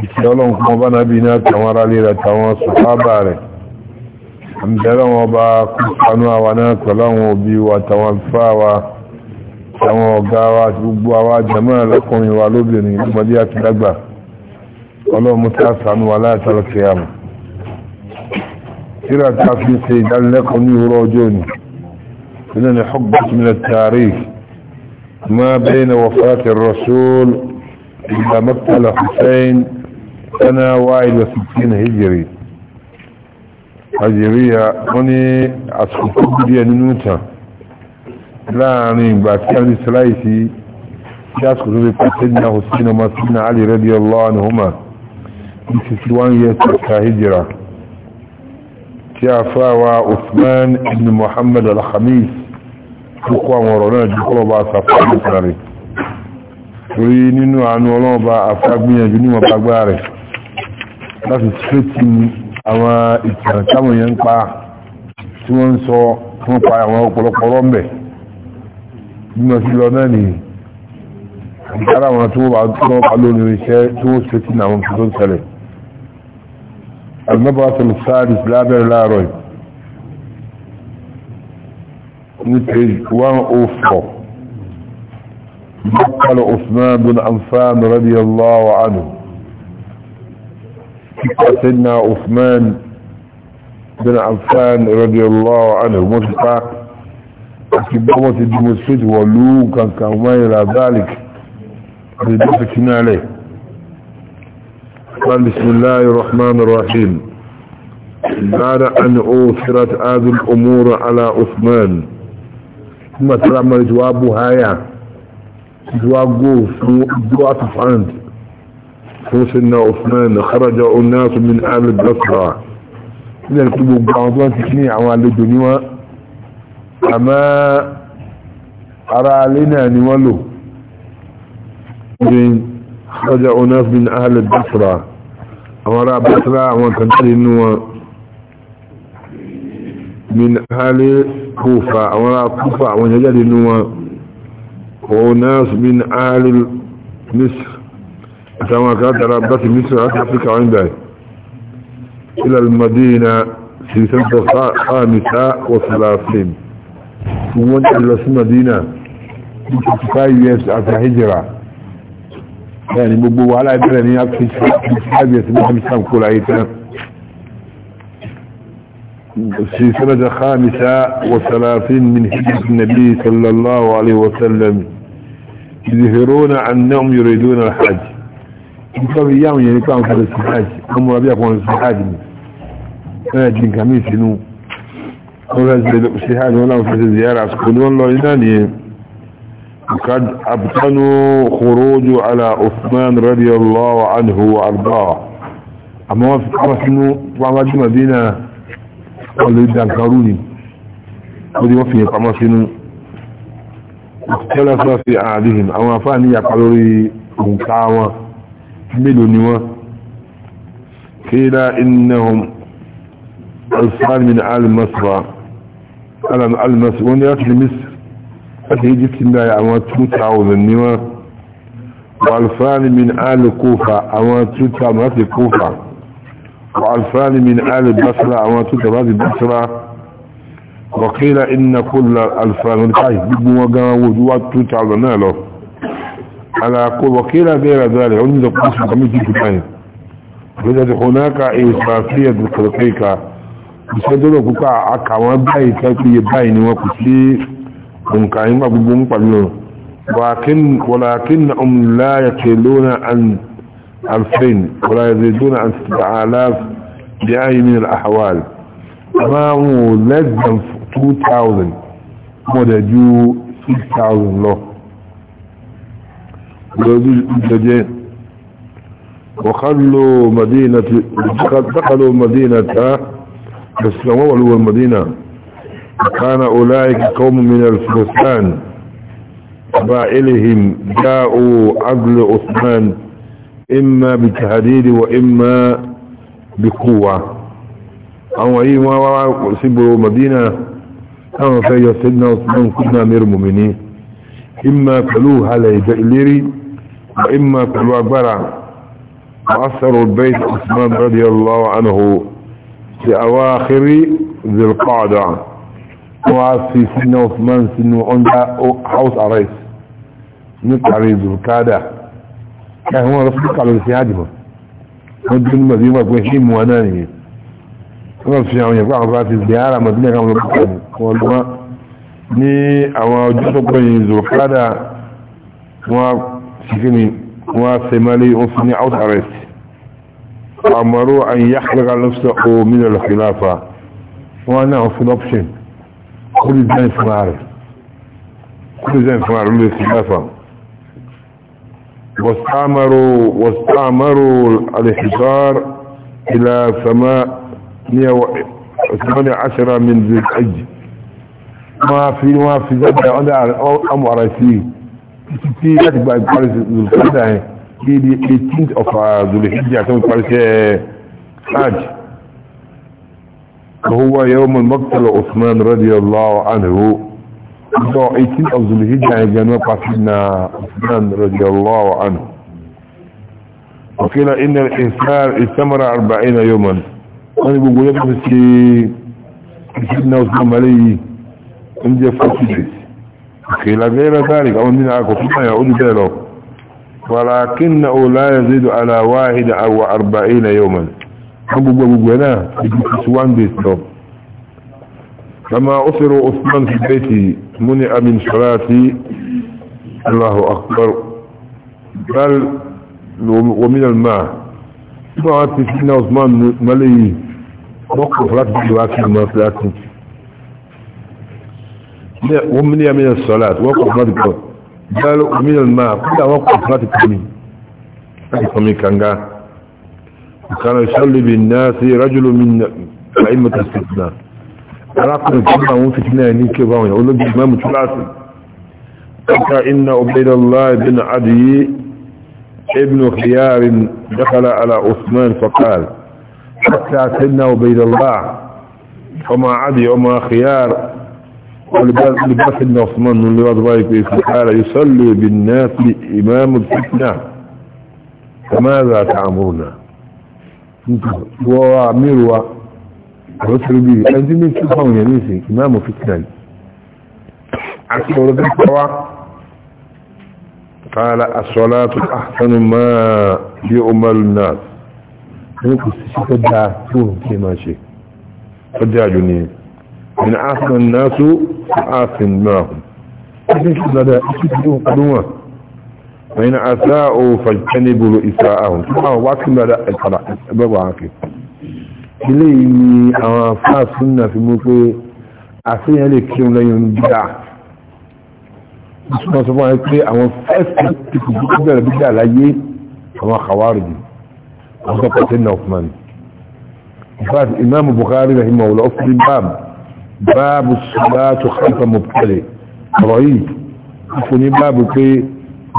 ìṣẹ́lọ́n kún ọba náà bí ní àtàwọn ará lè àtàwọn sọ̀fábà rẹ̀ àmìṣẹ́lọ́n ọba kúrò àwa náà pẹ̀láwọn òbí wa àtàwọn àlùfáà wa àtàwọn ọ̀gá wa àti gbogbo àwa jàmọ́ ẹlẹ́kùnrin wa lóbìnrin lọ́mọdé àti dàgbà ọlọ́mú tí a sànú wa láìsàlọ́kẹ́ àmọ́ síra tí a fi ṣe ìdánilẹ́kọ̀ọ́ ní òwúrọ̀ ọjọ́ ni nínú ni hukbat min at-tarikh ma bayna wafati ar-rasul إلى مقتل حسين سنة واحد وستين هجري هجرية وني أسخطوك دي ننوتا láàrin ìgbà tí àwọn israeli sí ṣáàkù tó fi pàtẹ́ ní àhùsí na masina alì radiyallahu anhuma ní 61 years after hijira tí a fáwa usman ibn muhammad al-khamis tó kó àwọn ọ̀rọ̀ náà jùkọ́lọ̀ bá sàfà ní sàrẹ̀ torí nínú àánú ọlọ́ọ̀bá afẹ́gbìyànjú níwọ̀n bá gbá rẹ̀ láti tírètì àwọn ìtàn táwọn yẹn ń pa tí wọ́n ń sọ fún pa àwọn ọ̀pọ̀lọpọ̀ rọ́mbẹ̀ nínú sí lọ náà nìyí ìdára àwọn tí wọ́n bá tọ́ pa lórí iṣẹ́ tí wọ́n tírètì àwọn tó ń ṣẹlẹ̀ àgbẹ́bọ̀ àtọ̀lù sáàdì lábẹ́rẹ̀ láàárọ̀ ní page 104 بقل عثمان بن عفان رضي الله عنه سيدنا عثمان بن عفان رضي الله عنه مصطفى أكبابة ولو كان كما إلى ذلك ردفتنا عليه قال بسم الله الرحمن الرحيم بعد أن أوثرت هذه الأمور على عثمان ثم ترمى جوابها يا جواب قوف جواب فعنت فوسنا عثمان خرج الناس من أهل البصرة إذا كتبوا بعضوان تشنيع والدنيا أما أرى لنا نوله خرج أناس من أهل البصرة أمر بصرة وكان من أهل كوفة أمر كوفة ونجد وناس من أهل مصر كما كانت على عباس مصر عاش أفريكا وعين إلى المدينة في سنة خامسة وثلاثين ومن إلى المدينة 55 years after هجرة يعني ببو على إبراني أكثر 55 years من خمسة كل عيتنا في سنة خامسة وثلاثين من هجرة النبي صلى الله عليه وسلم يظهرون أنهم يريدون الحج nǹkan bí yáwọn yẹn nípa nǹkan sí hajj wọ́n múra bí àpọ̀n sí hajj ni wọ́n yẹ di nǹkan mí sínú wọ́n fẹ́ sí hajj wọ́n láwọn fẹ́ sí ziyara sùkú ni wọ́n lọ iná nìyẹn قد أبطنوا خروج على عثمان رضي الله عنه وأرضاه أما أرسلوا وعمد مدينة قالوا يدان كاروني ودي وفيه قام سنو اختلف في عادهم أما فاني يقالوا لي مكاوة mélòó ni wọ́n kílá innahum alfan min al-masra alam al-masra wọ́n ni láti lè misr láti egypt ní àwọn من آل كوفة أما تتع كوفة والفان من آل بصرة أما تتع بصرة وقيل إن كل الألفان والقائد بموقع وجوات تتع وناله على قول وكيل غير ذلك عندنا قصص كمية كتير بدأت هناك إسرافية بالكركيكا بسبب كوكا أكوان باي تاكي باي نوكسي ونكاين بابون بالو ولكن ولكنهم لا يكلون عن ألفين ولا يزيدون عن ستة آلاف بأي من الأحوال ما هو less than 2,000 مدجو 6,000 لو وخلوا مدينة دخلوا مدينة اسلموا هو المدينة كان أولئك قوم من الفرسان قبائلهم جاءوا عدل عثمان إما بتهديد وإما بقوة أو أي ما سبروا مدينة أو سيدنا عثمان كنا أمير مؤمنين إما كلوها ليجئ ليري وإما كل عبارة وأثر البيت عثمان رضي الله عنه في أواخر ذي القعدة وفي سن عثمان سن عند حوص عريس نتعري ذي القعدة كان هو رفق على السيادمة ودن المدينة وحيم واناني رفق يعني يفعل ذات الزيارة مدينة كامل بطن والله ني اواجه ọjọ́ القعدة كيفني واسمالي وصني عود عريس أمروا أن يحلق نفسه من الخلافة وأنا أصل أبشن كل زين فمعرف كل زين من الخلافة واستعمروا واستعمروا الحجار إلى سماء مئة وثمانية عشرة من ذي الحج ما في ما في ذلك أنا أم عرسيه títí láti gba ìparí zulukada yẹn bí di eighteenth of zulukada àti ìparí ṣe hajj هو يوم المقتل عثمان رضي الله عنه ọjọ́ 18 of zulhijjá ẹgbẹ̀rún pàtí na ọ̀sán radiyallahu anhu ọ̀kílá iná ìsámara arba'ina yawman wọ́n ni gbogbo yẹ́ fi ṣe ìṣẹ́ náà ọ̀sán mara yìí ń jẹ́ 40 days قيل غير ذلك او من عكفنا يعود بيلو ولكنه لا يزيد على واحد او اربعين يوما ابو ابو بنا سوان بيستو لما اسر عثمان في بيتي منع من صلاتي الله اكبر بل ومن الماء ضاعت سيدنا عثمان ملي وقف راتب الواكب ما فلاتني ومن من الصلاة وقف ما تقول قالوا من الماء كل وقف ما تقومي تقومي كان كان يصلي بالناس رجل من أئمة الاستثناء أراكم الجمعة وفتنا ينيك باون يقول لهم الإمام الثلاثي حتى إن عبيد الله بن عدي ابن خيار دخل على عثمان فقال حتى سيدنا عبيد الله وما عدي وما خيار ولباسن عثمان اللي وضعك قال يصلي بالناس لإمام الفتنة فماذا تعمرنا وعمير وعسر به أنت من كفهم يا يعني إمام الفتنة عسر ورزق قال الصلاة أحسن ما يؤمل الناس أنت كنت شكدا تون كما شيء فجاجني من أحسن الناس أحسن معهم لكن شو لدى يشتدون قدوما فإن أساءوا فاجتنبوا إساءهم سبحانه واكم لا القراء بابا عاكم إليه أوافا سنة في موكي أعطيها لك يوم ليوم بدع بسم الله سبحانه يقول أما فأسك تكبر بدع لأيه أما خوارجي أما قتلنا عثمان فات إمام البخاري رحمه الله أفضل الباب باب الصلاة خلف مبتلي رهيب يكون باب في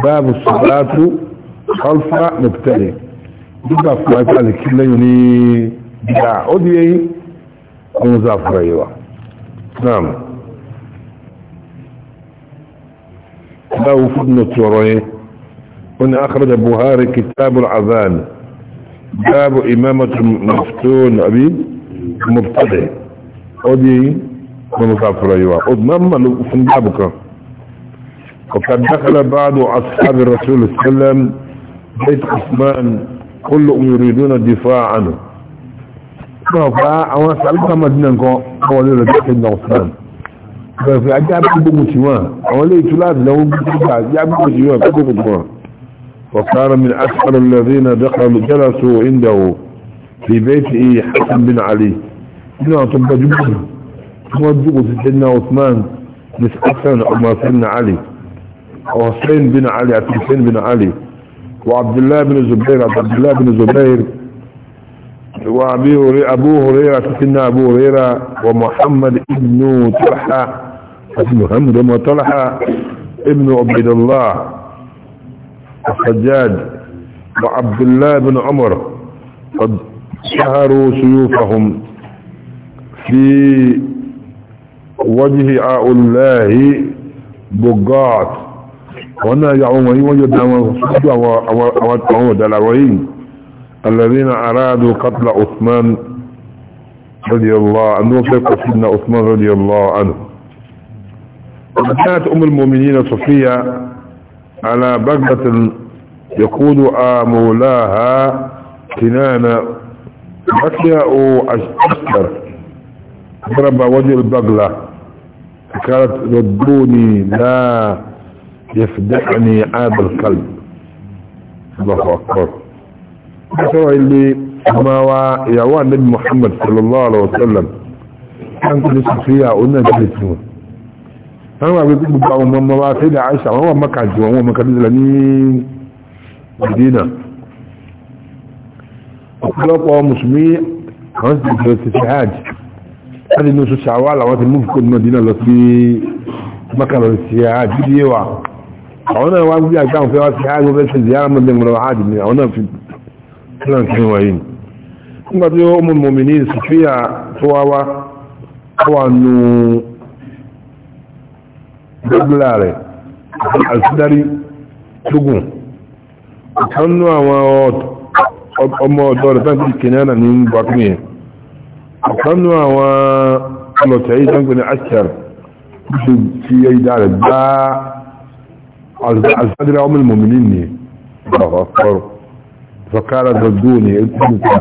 باب الصلاة خلف مبتلي يبقى في مثال كلا يوني بلا عدي ومزافر ايوه نعم له فضل ورايه ان اخرج البخاري كتاب العذان باب امامة المفتون ابي مبتدئ اودي أيوة. وقد دخل بعض أصحاب الرسول صلى الله عليه وسلم بيت عثمان كلهم يريدون الدفاع عنه فأنا سألت مدينة قولي لدخل عثمان ففي أجاب أبو مسيوان أولي تلاد له أجاب أبو مسيوان أبو مسيوان وكان من أسهل الذين دخلوا جلسوا عنده في بيته حسن بن علي إنه أطب موجب سيدنا عثمان مش حسن عمر سيدنا علي وحسين بن علي عبد حسين بن علي وعبد الله بن الزبير عبد الله بن الزبير وابو ابو هريره سيدنا ابو هريره ومحمد ابن طلحه محمد بن طلحه ابن عبيد الله الحجاج وعبد الله بن عمر قد شهروا سيوفهم في وجه الله بقات وانا يعومي وجد وعود العوين الذين ارادوا قتل عثمان رضي الله عنه وفق سيدنا عثمان رضي الله عنه وكانت ام المؤمنين صفية على بغدة يقود امولاها كنانة او اشتر ضرب وجه البغله قالت ردوني لا يفدعني عاب القلب الله أكبر سواء اللي ما هو يعوان نبي محمد صلى الله عليه وسلم كان كل سفيا قلنا جلتون أنا بيقول بقى ماما بقى سيدة عائشة هو ما كان جوا هو ما كان لنين مدينة أطلقوا مسلمين خمسة في حاج láti ní oṣù ṣàwà làwọn ti múfù kòdínà dínà lọ sí makaro sí àjíjí yẹwà àwọn náà wá gbé àgbà òfẹ́ wá sí ààrẹ òfẹ́ sí ìyára mọ́lẹ̀ mọ́lẹ̀ ààdì ni àwọn náà fi plan sí wọ̀nyí nígbà tí ó mọ̀ mọ̀mí ní sofia tó wá wá wà nù gbẹ́gbẹ́lá rẹ̀ ọmọ ọ̀dọ́ rẹ̀ tán kìí ní buwakini yẹn ọ̀kanú àwọn ọlọ̀tẹ̀yí sánkù ní ashar ṣe fi yẹ ìdá rẹ̀ gbá alfadira ọmọ ìmọ̀mìnì ni ọ̀rọ̀ fọ̀kára dọ̀dọ̀ ni ẹ̀kùnkà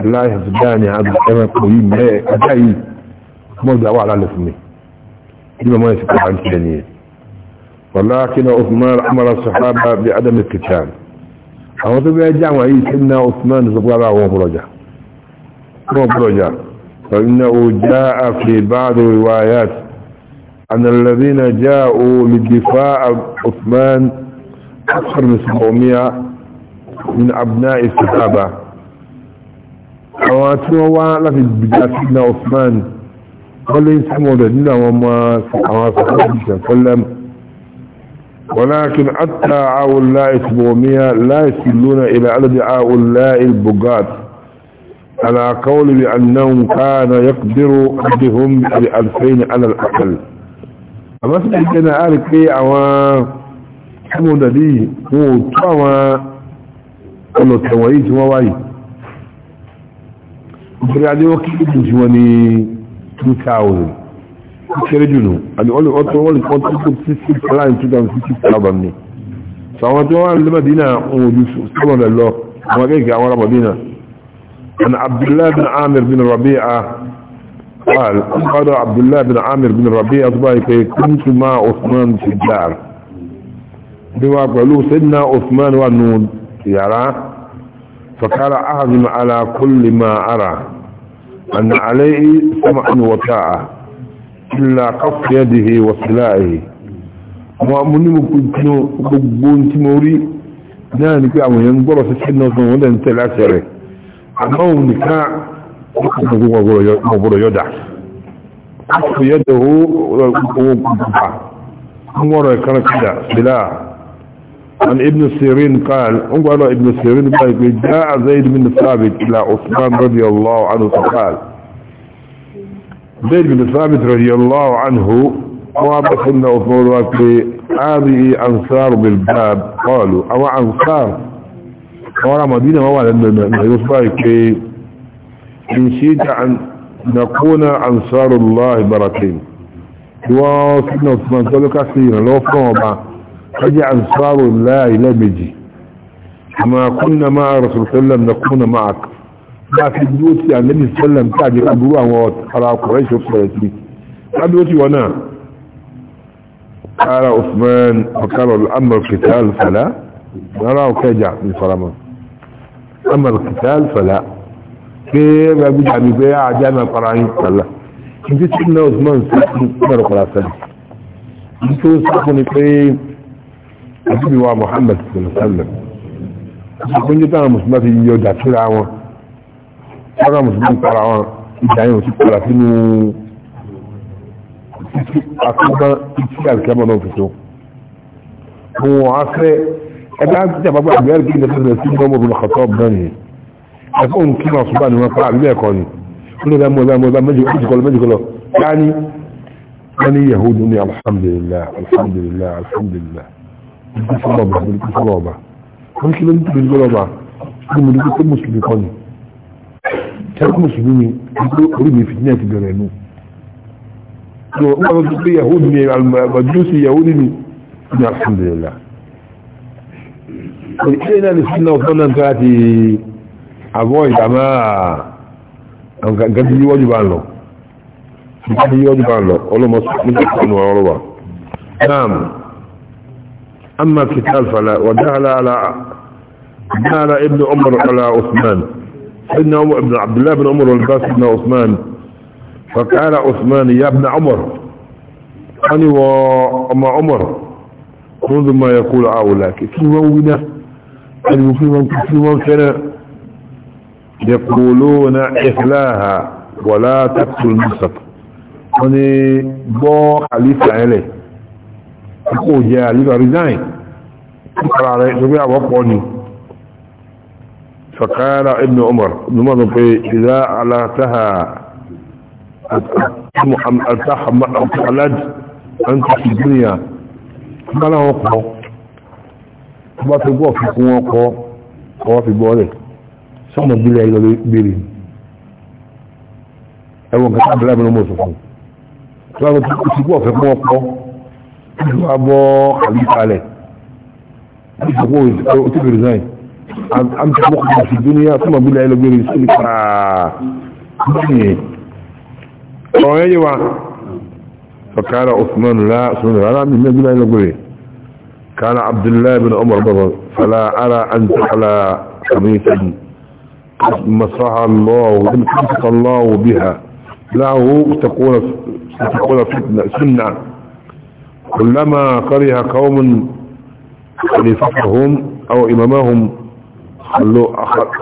aláìsàdá ni ẹranko yìí mẹ́ ajá yìí mọ́gbà wà lálẹ́ fún mi bí mọ́ ẹ̀sìn kọ̀ọ̀kan ti ẹni yẹn ولكن عثمان امر الصحابه بعدم القتال àwọn tó bẹ́ẹ̀ jẹ́ àwọn yìí tí ń ná osman zọgbára àwọn ọmọ ọjà كوبروجا فإنه جاء في بعض الروايات أن الذين جاءوا للدفاع عثمان أكثر من 700 من أبناء الصحابة واتوا لفي بداية عثمان قال يسموا ذلك وما وسلم ولكن حتى هؤلاء 700 لا يسلون إلى عدد هؤلاء البقات على قول بأنه كان يقدر عندهم بألفين على الأقل أما سبحنا أعرف كي أوا لي وطوى قالوا التوائيت وواي وفي عدي وكيف جواني 2000 كرجلو أنا أقول لك أطول أقول لك أطول 60,000 2060,000 سواء جوان لمدينة وجوز سبحان الله وكيف أوا مدينة عن عبد الله بن عامر بن ربيعة قال قال عبد الله بن عامر بن ربيعة كنت مع عثمان في الدار بواقع له سيدنا عثمان ونون يرى فقال أعظم على كل ما أرى أن عليه سمع وطاعة إلا قف يده وصلائه ومن ممكن تنو قبون تموري نانك أمو ينقر سيدنا عثمان ودن تلعسره àmọ́ nìkan ọgbọ̀rọ̀ yọ́dà kò yẹ́dà owó gbogbo ọmọrọ̀ عن ابن سيرين قال انقل ابن سيرين قال جاء زيد بن ثابت الى عثمان رضي الله عنه فقال زيد بن ثابت رضي الله عنه وابخلنا عثمان وقال هذه انصار بالباب قالوا او انصار àwọn ramadina wọ́n wà lẹ́gbẹ̀ẹ́ na yóò fà pé in ṣe ta na kóna ansarullah ibaratin wọ́n sínú fún tọ́lọ́ká sí ìrànlọ́wọ́ fún ọba kọjá ansarullah ilẹ́mẹjì àmà kúnnà máa rasul sallam na kúnnà máa bá fi dúró sí àlẹ́bí sallam tí a jẹ́ àbúrú àwọn ara kọ̀rẹ́ ṣe fọ̀rẹ̀ sí lábí ó ti wọ́n náà قال عثمان فقال الأمر القتال فلا نرى كجع من صلمان أما القتال فلا كيف أبو جعبي بيع جامع قرآن فلا انت سيدنا عثمان سيدنا عمر قرآن سيدنا انت سيدنا قرآن àbíbí wa Muhammad sallallahu àkójọ táwọn musulman fi yíyọ jà síra wọn sára musulman para wọn ìdáyẹn òsì para sínú àkóbá ìtí àríkẹ́mọ̀ náà fi tó wọn á fẹ́ قد عاد تتعب ابو عبيال كده كده نسيب نمر من الخطاب ده يفقون كيف صبعني ما فعل بيها كوني كل ده مو ده مو ده مجي مجي, مجي كله يعني يعني يهود اني الحمد لله الحمد لله الحمد لله بالكف الرابع بالكف الرابع ولكن انت بالكف الرابع انا مدوك كم مسلمي كوني كم مسلمي يقولوا قريبي في اثنين تجرينو هو ما يهودني المجلوسي يهودني الحمد لله ìdílé náà ní súnà ọ̀fọ́nà tó láti avoid àmá àgbàgbà yíwọ́jú bá lọ ìgbàgbà yíwọ́jú bá lọ ọlọ́mọ sọ́nà ọ̀rọ̀ wa naam amma kitab fala wa dala ala dala ibn umar ala usman ibn umar ibn abdullah ibn umar al-bas ibn usman فقال عثمان يا ابن عمر أنا وما عمر منذ ما يقول هؤلاء كيف يوونا أجل فيهم كثيرا يقولون إخلاها ولا تقتل النسب وني بو خليفة عليه يقول يا ليبا رزاين يقول على إسبيع وقعني فقال ابن عمر ابن عمر إذا علتها محمد أنت في الدنيا فلا وقعه tó bá fi gbọ́ fífún wọn kọ́ ọwọ́ fi gbọ́ rẹ̀ sọ́mọ̀ gbílẹ̀ ayé lọ béèrè ẹwọ̀n kẹta abẹ́rẹ́ mi ló mọ̀ sọ̀kùn tó bá fi gbọ́ fẹ́ fún ọkọ́ tó bá bọ́ kàlífà rẹ̀ ìṣòwò òtí bèrè náà àmì tó mọ̀ kọ́ sí dúníyà sọ́mọ̀ gbílẹ̀ ayé lọ béèrè sí ní pàà ọ̀rẹ́ wa ọ̀kára òsùnmọ́nù rárá mi mẹ́gbílẹ̀ ayé lọ béèrè كان عبد الله بن عمر بضل فلا أرى أن تحلى قميصا مسرها الله ومسرح الله بها له تكون فتنة سنة كلما كره قوم خليفتهم أو إمامهم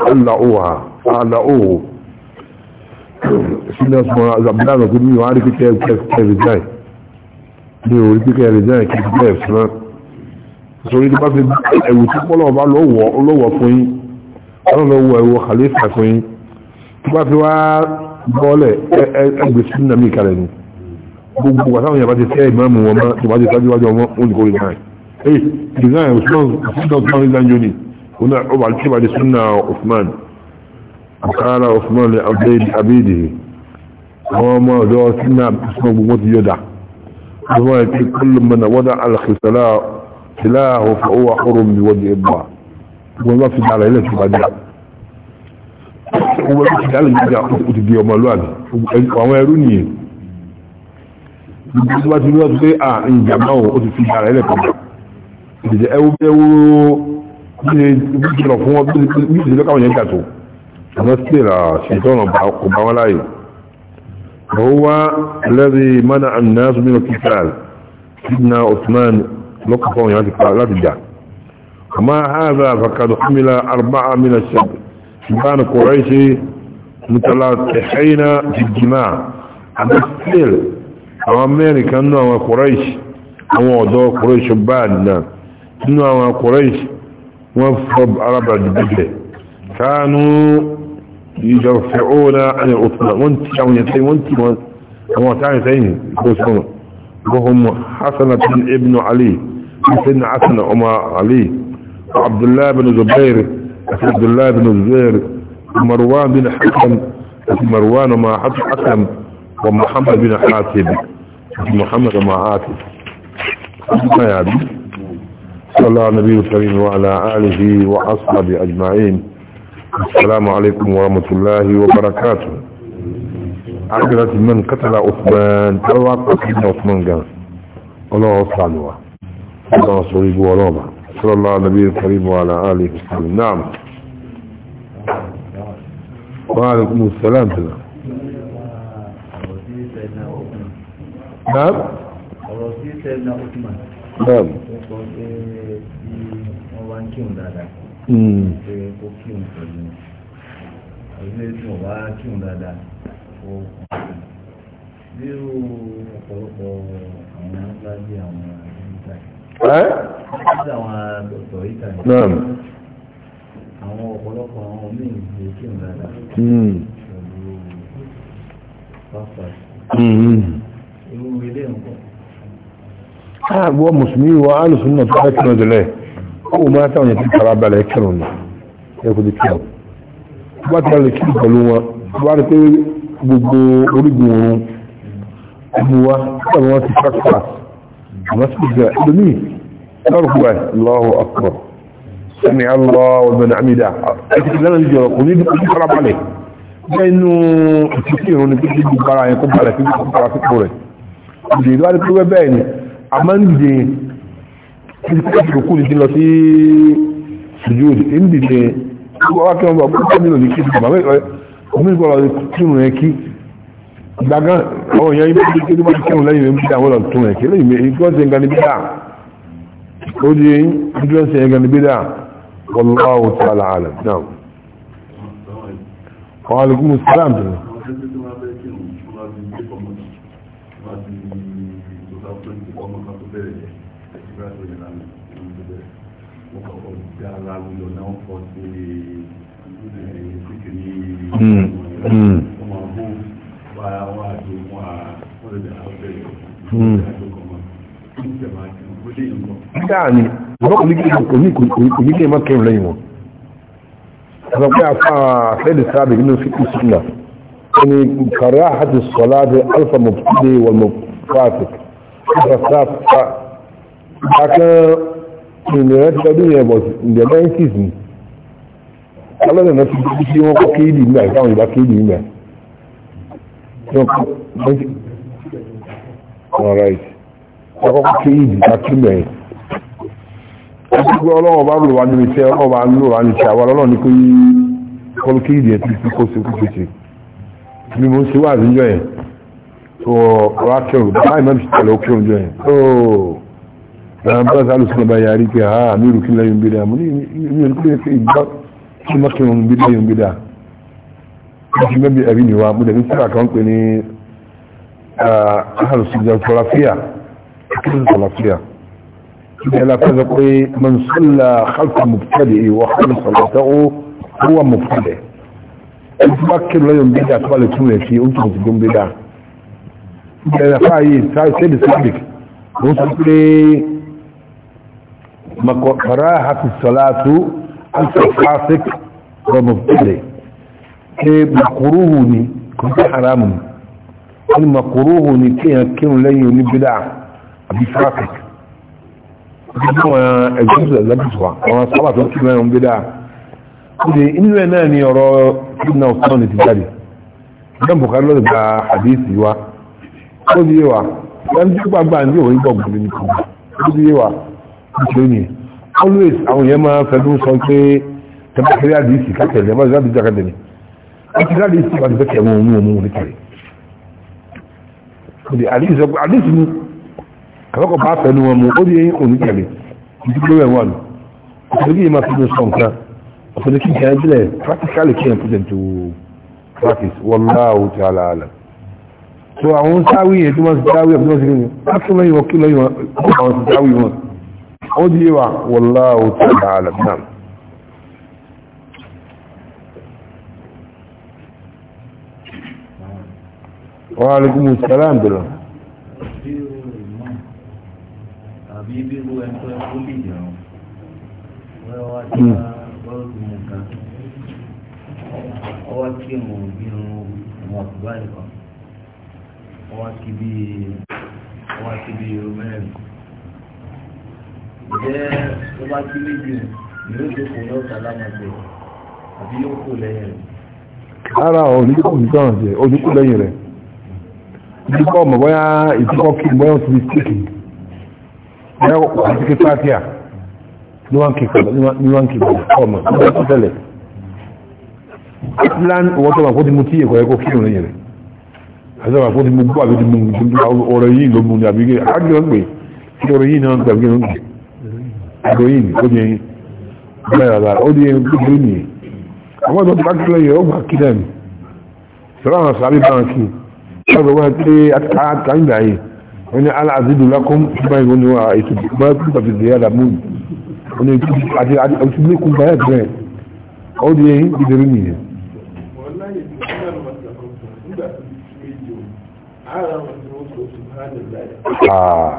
خلعوها خلعوه سنة اسمها زبدان وكل مين وعارف كيف كيف كيف كيف كيف كيف كيف كيف كيف كيف كي sọ̀rọ̀ ìdí bá fi ẹ̀wù tí pọ́lọ̀ bá lọ́wọ́ fún yín ọlọ́wọ́ ẹ̀wù khalifa fún yín tí bá fi wá bọ́ọ̀lẹ̀ ẹgbẹ̀ sí nàmì kalẹ̀ ni gbogbo wà táwọn yàrá ti tẹ́ ìmáàmù wọn máa tó bá ti sájú wájú ọmọ olùkọ́ ìgbàáyì èyí ìgbàáyì Usman Usman tó ń dájú ni wọn náà ọba tí bá ti sunna Usman àkàrà Usman lè abéèdè àwọn ọmọ ọ̀dọ́ sunna Usman gbogbo ti yọ̀dà wọn ti kúlùmọ̀ náà سلاه فهو حرم بوجه الله والله في على إلى تبادع هو في على يرجع وتدي يوم الوان وما يروني بالنسبة للوقت في آه إن جمعه وتدي على إلى تبادع إذا أو أو بيجي رفوع بيجي لك أو ينتهي نستير شيطان وبعولاي هو الذي منع الناس من القتال سيدنا عثمان نقف يعني لا أما هذا فقد حمل أربعة من الشب شبان قريشي متلاطحين في الجماع هذا ستيل أمامين كانوا قريش هو دو قريش شبان إنه قريش وفرب أربع جبهة كانوا يدفعون عن الأطلاق وانت شعون يتعين وانت وانت وهم حسنة وانت علي سيدنا حسن عمر علي وعبد الله بن زبير عبد الله بن زبير ومروان بن حكم مروان وما حكم ومحمد بن حاتم محمد وما حاتم ما يعني صلى الله على نبي الكريم وعلى آله وأصحابه أجمعين السلام عليكم ورحمة الله وبركاته عقلت من قتل عثمان تلوى قتل عثمان قال الله أصلى الله صليب ورابع صلى الله على نبي الكريم وعلى آله وسلم نعم وعليكم السلام تلا نعم نعم Bí ó ọ̀pọ̀lọpọ̀ àwọn alágbàbí àwọn Naam. Àwọn ọ̀pọ̀lọpọ̀ àwọn míì lè kí hmm. Hmm. Ah, Mùsùlùmí wa Alùsùn náà tó fẹ́ kí wọ́n jùlẹ̀. máa táwọn yẹn fara balẹ̀ kírun ni. Ẹ kò di bá ti rà kí pẹ̀lú wọn. bá rí pé gbogbo orígun òun. Ẹmu wa, tí àwọn ti fẹ́ مسجد جميل أربعة الله أكبر سمع الله ومن عمده أكيد لنا نجي وقولي بكي خراب عليه لأنه كثير هنا كثير بكرا يقوم على كل بكرا في كوري جيد وعلى كل بين أمان كل كثير يكون جل في سجود إندي جي وعلى كم بكرا منه لكي بكرا ومن قول كثير هنا كي gbàgán àwọn èèyàn ibi tí ó máa kírun lẹ́yìn rẹ̀ ń bí àwọn ọ̀nà tún ẹ̀kẹ́ lẹ́yìn rẹ̀ ìgbọ́n ti ẹ̀gá ní bídà ó di ìgbọ́n ti ẹ̀gá ní bídà wallahu ta'ala alam náà àwọn alùpùpù sàlám tó Mm. Mm bára wọn àti ogun ààrẹ ọ̀rẹ́ ìdá ọ̀fẹ́ yìí. Hmm. Nígbà ni, oníkè má kẹrù lẹ́yìn wọn. Àwọn pé àfá àfẹ́dì sáàbì nínú fíkì súnà. Ẹni kàrí àhàtì sọ́lá jẹ́ alfa mọ̀kúdé wọ mọ̀kúfàtìk. Ìgbàkan ìrìnlẹ̀ ti ọdún yẹn bọ̀ ìgbẹ̀mẹ́ 90s ni. Alọ́dẹ̀ náà ti dúdú sí wọn kọ́ kéèdì nígbà ìfáwọn ìgbà kéèdì nígbà ọkọ̀ kí ìdí takílẹ̀ ẹgbẹ́ ọlọ́wọ́ bá lò wá nínú iṣẹ́ ọlọ́wọ́ bá lò wá nínú iṣẹ́ àwọn ọlọ́wọ́ ní kó yí kọlu kí ìdí ẹ̀tí kó sí kó pèsè bí mo ṣe wà níjọ́ ẹ̀ tó ọ̀rá kẹrù báyìí mẹ́bí ṣe tẹ̀lé ókè òjò ẹ̀ tó náà bá sá lù sí ọba yàrí pé ha mi rù kí lẹ́yìn gbéra mo ní ìrìn kí lẹ́yìn gbéra ti mẹ́bí ẹ̀rí ni wa mo dẹ̀ ní sílà kan pè ní ahàlùsùnjẹ́ sọ̀ràfíà kíkọ́ sọ̀ràfíà kíkọ́ ẹ̀la fẹ́ sọ pé mọ̀nsọ́là xalùkù mùpútẹ́lẹ̀ ìwọ xalùkù sọ̀ràfíà ó wà ẹni tó bá kí lọ́yọ̀ bí dà tó bá lè tún rẹ̀ sí ó ń tún sí gbọ́n bí dà kíkọ́ ẹ̀la fáyé sẹ́ẹ̀dì sẹ́ẹ̀dì mo sọ pé makọ̀kọ̀rá àti sọ̀lá tó àti sọ̀fásík rọ̀ mùpútẹ́lẹ̀ ṣe makuruhu ni kò sí haramun wọ́n ni makuruhu ni kíyàn kírun lẹ́yìn oníbídà àbí traffic ọdún tí wọ́n ẹgbẹ́ ìṣẹ̀lẹ̀ lẹ́bùsùwà àwọn sábà tó kí lẹ́yìn oníbídà ó di inú ẹ̀ náà ni ọ̀rọ̀ ibùdó ọ̀sán ni ti jáde ọdún bukari lọ́dọ̀ gba àdéhìsì wa ó di yé wa wọ́n ti gbàgbà ní òun gbọ̀ ní kùn ó di wa ó ti always àwọn yẹn máa fẹ́ ló sọ pé tẹ́lẹ̀ kiri àdéhìsì kákẹ́lẹ̀ máa àti láti ṣe ìbàdí bẹ́ẹ̀ kẹ́mọ́ òun òun òun kiri òdì àdìsí ni àkọ́kọ́ bá fẹ́ nu wọn mú ó di eyín òun kiri ìdí gbé wẹ̀ wọn òun kì í máa fi ní sọ nǹkan òun kì í kẹ́ ẹ́bílẹ̀ practically kí ẹ̀ put into practice wallahu ta'ala alam so àwọn sáwí yẹn tí wọ́n ti dáwí ẹ̀ bí wọ́n ti gbé láti lọ́yìn wọn kí lọ́yìn wọn àwọn ti dáwí wọn ó di yé wa wallahu ta'ala alam náà wàhálùkùmù sàlám Abi. àbí bí wo ẹni tó ẹkú lè jẹun wọ́n wá sí bọ́ọ̀lù mu kan ọwọ́ kí mo bí mo ọ̀kúbá nìkan ọwọ́ kí bí ọwọ́ kí bí mẹ́rin jẹ́ ọba kí méjì yóò tó kò náà sàlámà jẹ àbí yóò kò lẹ́yìn rẹ̀. ara ọ̀ ní kò ní sọ̀rọ̀ jẹ́ ojú kò lẹ́yìn rẹ̀ nípa ọmọ bóyá ìtúkọ́ kí bóyá ó ti di tíkì bóyá àti kí pátíà ní wọ́n kìí kọ̀ọ̀mọ̀ ní wọ́n kìí kọ̀ọ̀mọ̀ ní wọ́n kìí tẹ́lẹ̀ atlan owó tó wà kó ti mú tí ẹ̀kọ́ ẹ̀kọ́ kírun lẹ́yìn rẹ̀ àti wà kó ti mú gbọ́ àbí ti mú ọ̀rọ̀ yìí ló mú ní àbí àgbẹ̀ wọn pè kí ọ̀rọ̀ yìí náà gbàgbé wọn pè ọ̀rọ̀ yìí ó di ẹyin bẹ́ẹ̀ rárá ó di ẹyin gbogbo nìyẹn àwọn ìbọn tó bá kí lẹ́yìn ó gbà kí náà ni ọgbà wọn tí àtàǹgbà yìí wọn ni aláàzídù lákún bá ìwọ ni wọn ètò bá tún bàtì dé àdàmú wọn ni àti àti lẹkùn bá yàtọ̀ rẹ ó di ẹyìn dídẹrẹ nìyẹn. Ah.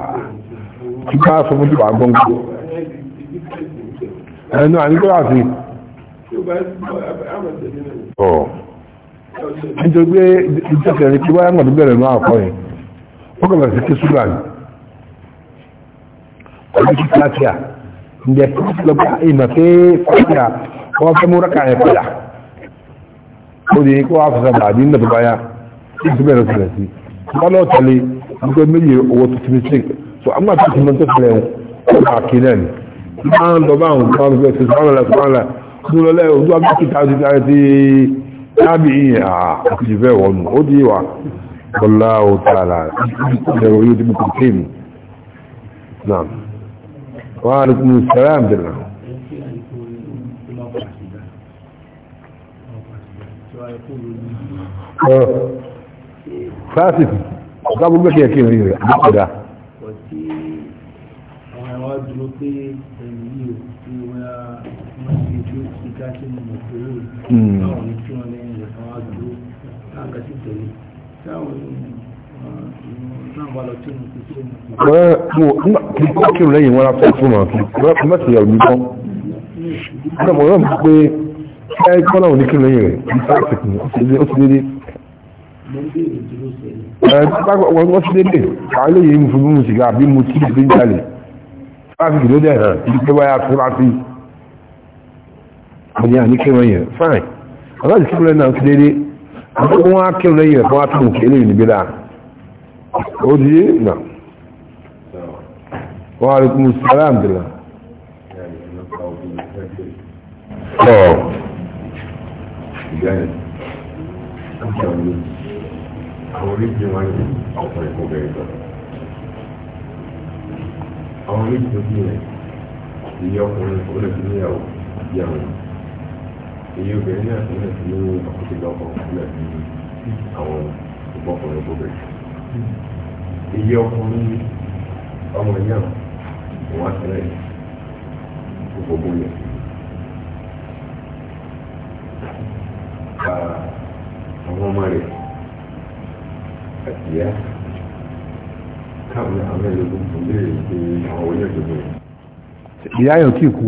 tí ká sọ fún ìwà gbọ́ngbò ẹnu àníkọ́ àti nítorí pé ìjọsẹ̀ rẹ̀ tí wáyé mọ̀tò bẹ̀rẹ̀ náà kọ́ yẹn ó kọ̀ bẹ̀rẹ̀ sí kí ṣúgbà ní ọdún kí fàtíà ǹdẹ̀ lọ́gbà ìmọ̀ pé fàtíà wọ́n fẹ́ mú rákà yẹn padà ó di kó wá fọ́sà bàbí ń dàbí báyá tí ìjọba rẹ̀ sọ̀rọ̀ sí wọ́n lọ́ọ̀ tẹ̀lé nígbà méjì owó tó ti fi so àwọn àti ìtumọ̀ tó fẹ́lẹ̀ wọn kò kí náà ni tabi'i àà òkèjì bẹ́ẹ̀ wọnù ó di wà wallahu ta'ala ìṣẹ̀rọ yóò dìbò kìí mú náà wà á nìkú sẹ́rẹ́ àbẹ̀rẹ̀ fásitì ọ̀gágun bẹ́ẹ̀ kẹ́kẹ́ rí rẹ̀ àbúkọ̀dá Mm máa láǹkà sí tẹ̀lé táwọn Wọ́n kí lẹ́yìn wọn láti fún wọn kí mọ̀ ní kí lẹ́yìn rẹ̀ ní sáàsìkì Wọ́n ti dédé, àwọn eléyìí mú fún mímú sìgá àbí mú tí ìgbé ń jalè. Sáàsìkì dẹ̀ hàn, ìgbé wáyà fún láti. Àwọn ní kí lẹ́yìn rẹ̀, fine aláàjì tí wọ́n náà ti dédé wọ́n á kírun lẹ́yìn rẹ̀ fún átùmù kí eléyìí níbi dáa ó di yé nà wọ́n á rí kún sàrán dìlà. Àwọn oríṣi wọn ní ọkùnrin kò bẹ̀rẹ̀ lọ. Àwọn oríṣi ojú ọkùnrin kò lè fi níyàwó ìyàwó èyí obìnrin náà fún ẹ̀ fún ọkùnrin lọ́kọ̀ fún ẹ̀ fún àwọn ìbọ̀kùnrin gbogbo èyí ọkùnrin ọmọ yẹn wọ́n á tẹ̀lé gbogbo yẹn. àwọn ọmọ rẹ̀ àti ìyá káwọn àwọn ẹlẹ́gbẹ̀ẹ́ tó léèrè pé àwọn oníyẹ̀dọ̀gbọ̀n. ìyá yóò kí kú.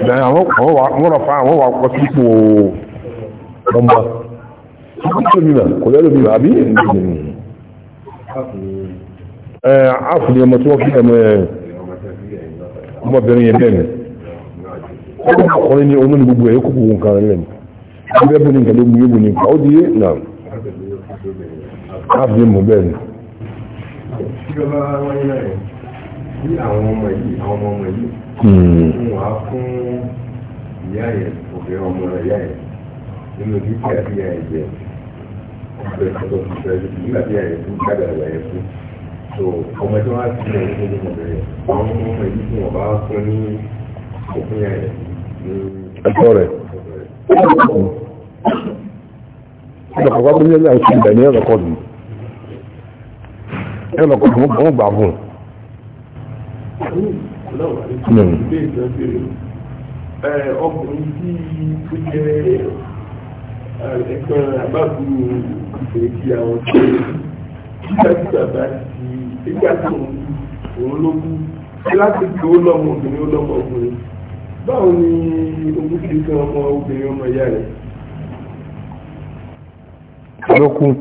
ìdáyà wọ́n rọ̀ fáwọn wọ́n wà kọ́ sípò ọmọ tó ní nà kò lẹ́lò nílò àbí áàfù ni ọmọ tí wọ́n fi ẹmọ ọmọbìnrin yẹn bẹ́ẹ̀ ni ọkùnrin ni olóni gbogbo ẹ̀ kókò wọn kan lẹ́nu ẹgbẹ́ bú ní nǹkan ló mú yébù ní nǹkan ó di yé nà áàfù ni mo bẹ́ẹ̀ ni Tí ọba wáyé náà ní àwọn ọmọ yìí, àwọn ọmọ yìí, fún wa fún ìyá yẹn òkè ọmọ rẹ yá yẹn nínú dúkìá bí yá yẹn jẹ ọbẹ tó ti fẹ nígbà bí yá yẹn fún gbàdàgbà yẹn fún so ọmọ tí wọn ti yẹn fún ọmọ rẹ àwọn ọmọ yìí tí wọn fún ní òkun yá yẹn ní. ẹ̀tọ́ rẹ̀ ọ̀nà kọ̀ọ̀kan tó yẹ ní àìsàn ìgbà ní ẹ̀rọ kọ́ọ̀dù ẹ̀rọ kọ́ọ̀dù wọn gbà fún un. Hmm. ọkùnrin tí ó jẹ́ ẹ̀kan àbábùrú ìfẹ̀ẹ́kì àwọn tó nígbà tí bàbá ti nígbà tí òun ló kú láti kí ó lọ́mọ obìnrin ó ọkùnrin báwo ni ogún ti kan ọmọ obìnrin ọmọ ìyá rẹ̀. ọlọ́kùn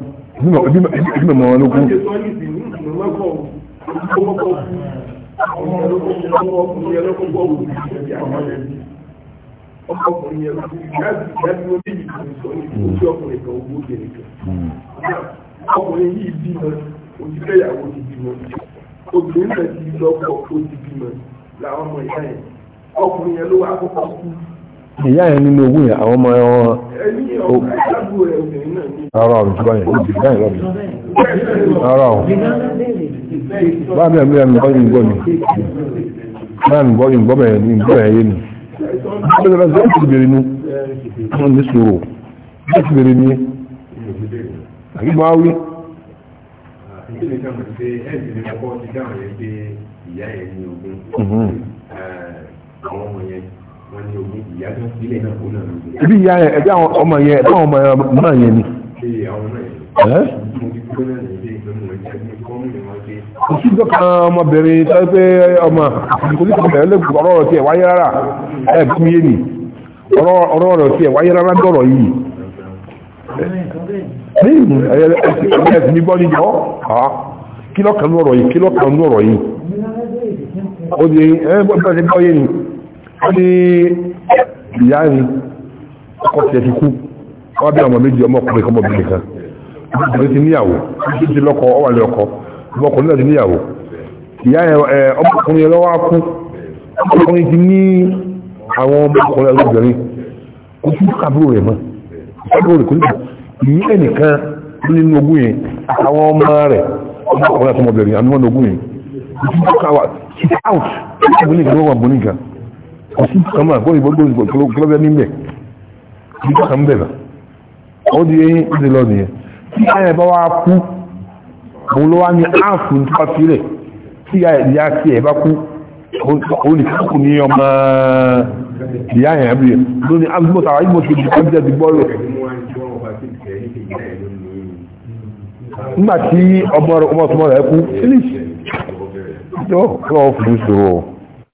ìdí mọ̀mọ́ ọlọ́kùn. wọ́n àwọn olókùnrin ọmọkùnrin ẹlọ́kùnrin ọ̀hún ọkùnrin yìí bímọ ojúfẹ́yàwó ti bímọ obìnrin náà ti lọ́kọ ó ti bímọ làwọn ọmọ ìyá yẹn ọkùnrin yẹn ló wá kọ́kọ́ kú. ìyá yẹn nínú owó yẹn àwọn ọmọ ẹ wọn. ẹni ọmọ ìyá rárá o ìjọba yẹn rárá o bá mi àmì àmì ọyìn gbọ́ ni bá mi gbọ́ yìn gbọ́ bẹ̀rẹ̀ ní gbọ́ ẹ̀yẹ ni ó lọ́dọ̀ sí ẹ̀sìn bèrè nu wọ́n ní sòrò ẹ̀sìn bèrè ni àbí máa wí. ìdílé kan mọ̀ ìyá yẹn ní ogún àwọn ọmọ yẹn wọ́n ní ogún ọmọ yẹn ọmọ yẹn ni òṣìṣẹ́ kan ọmọbìnrin tó pé ọmọ oníkọ̀ọ́bìnrin lẹ́gbẹ̀ẹ́ ọ̀rọ̀ ọ̀rọ̀ tí ẹ̀ wáyé rárá ẹ̀gbọ́n yé ni ọ̀rọ̀ ọ̀rọ̀ tí ẹ̀ wáyé rárá dọ̀rọ̀ yìí ẹ̀sìn gbọ́ níjọ́ kílọ̀kan ní ọ̀rọ̀ yìí kílọ̀kan ní ọ̀rọ̀ yìí ó di ẹgbẹ́ gbọ́ yé ni ó ní ìyá ni ọkọ̀ tiẹ̀ ti kú wọ́n bí ọmọ méjì ọmọ ọkùnrin kan ọmọbìnrin kan ọmọbìnrin ti níyàwó ó ti lọ́kọ ọwà lé ọkọ ọkùnrin náà ti níyàwó ìyá ọmọkùnrin yẹn lọ́wọ́ á kú ọmọkùnrin ti ní àwọn ọmọkùnrin ọlọ́bìnrin kò sí àbúrò rẹ̀ mọ́ àbúrò rẹ̀ kò nígbà ìyí ẹnìkan nínú ogún yẹn àwọn ọmọ rẹ̀ ọmọkùnrin àti ọmọbìnrin àmì wọn ogún yẹn kò sí àwà sit out ìbúnìkà ló wà bónìkà kò sí kàmá kó ìbọn gbòǹgbò kílọ́bẹ̀ níbẹ̀ kò sí kàmá bẹ̀ náà ó di eyín ó di lọ nìyẹn tí ayẹ̀ bá wá kú àwọn olówó ní áàfù tó bá fílẹ̀ tí ìyá tí ẹ̀ bá kú òun ní kíkù ní ọmọ ìyá yẹn ẹ̀bí ẹ̀ ló ní áàfù mọ́ta àwọn ìmọ̀tò ìdí ọjọ́ ti gbọ́ rẹ̀ nígbà tí ọmọ rẹ̀ kú finish tó kọ́ fún ìṣòro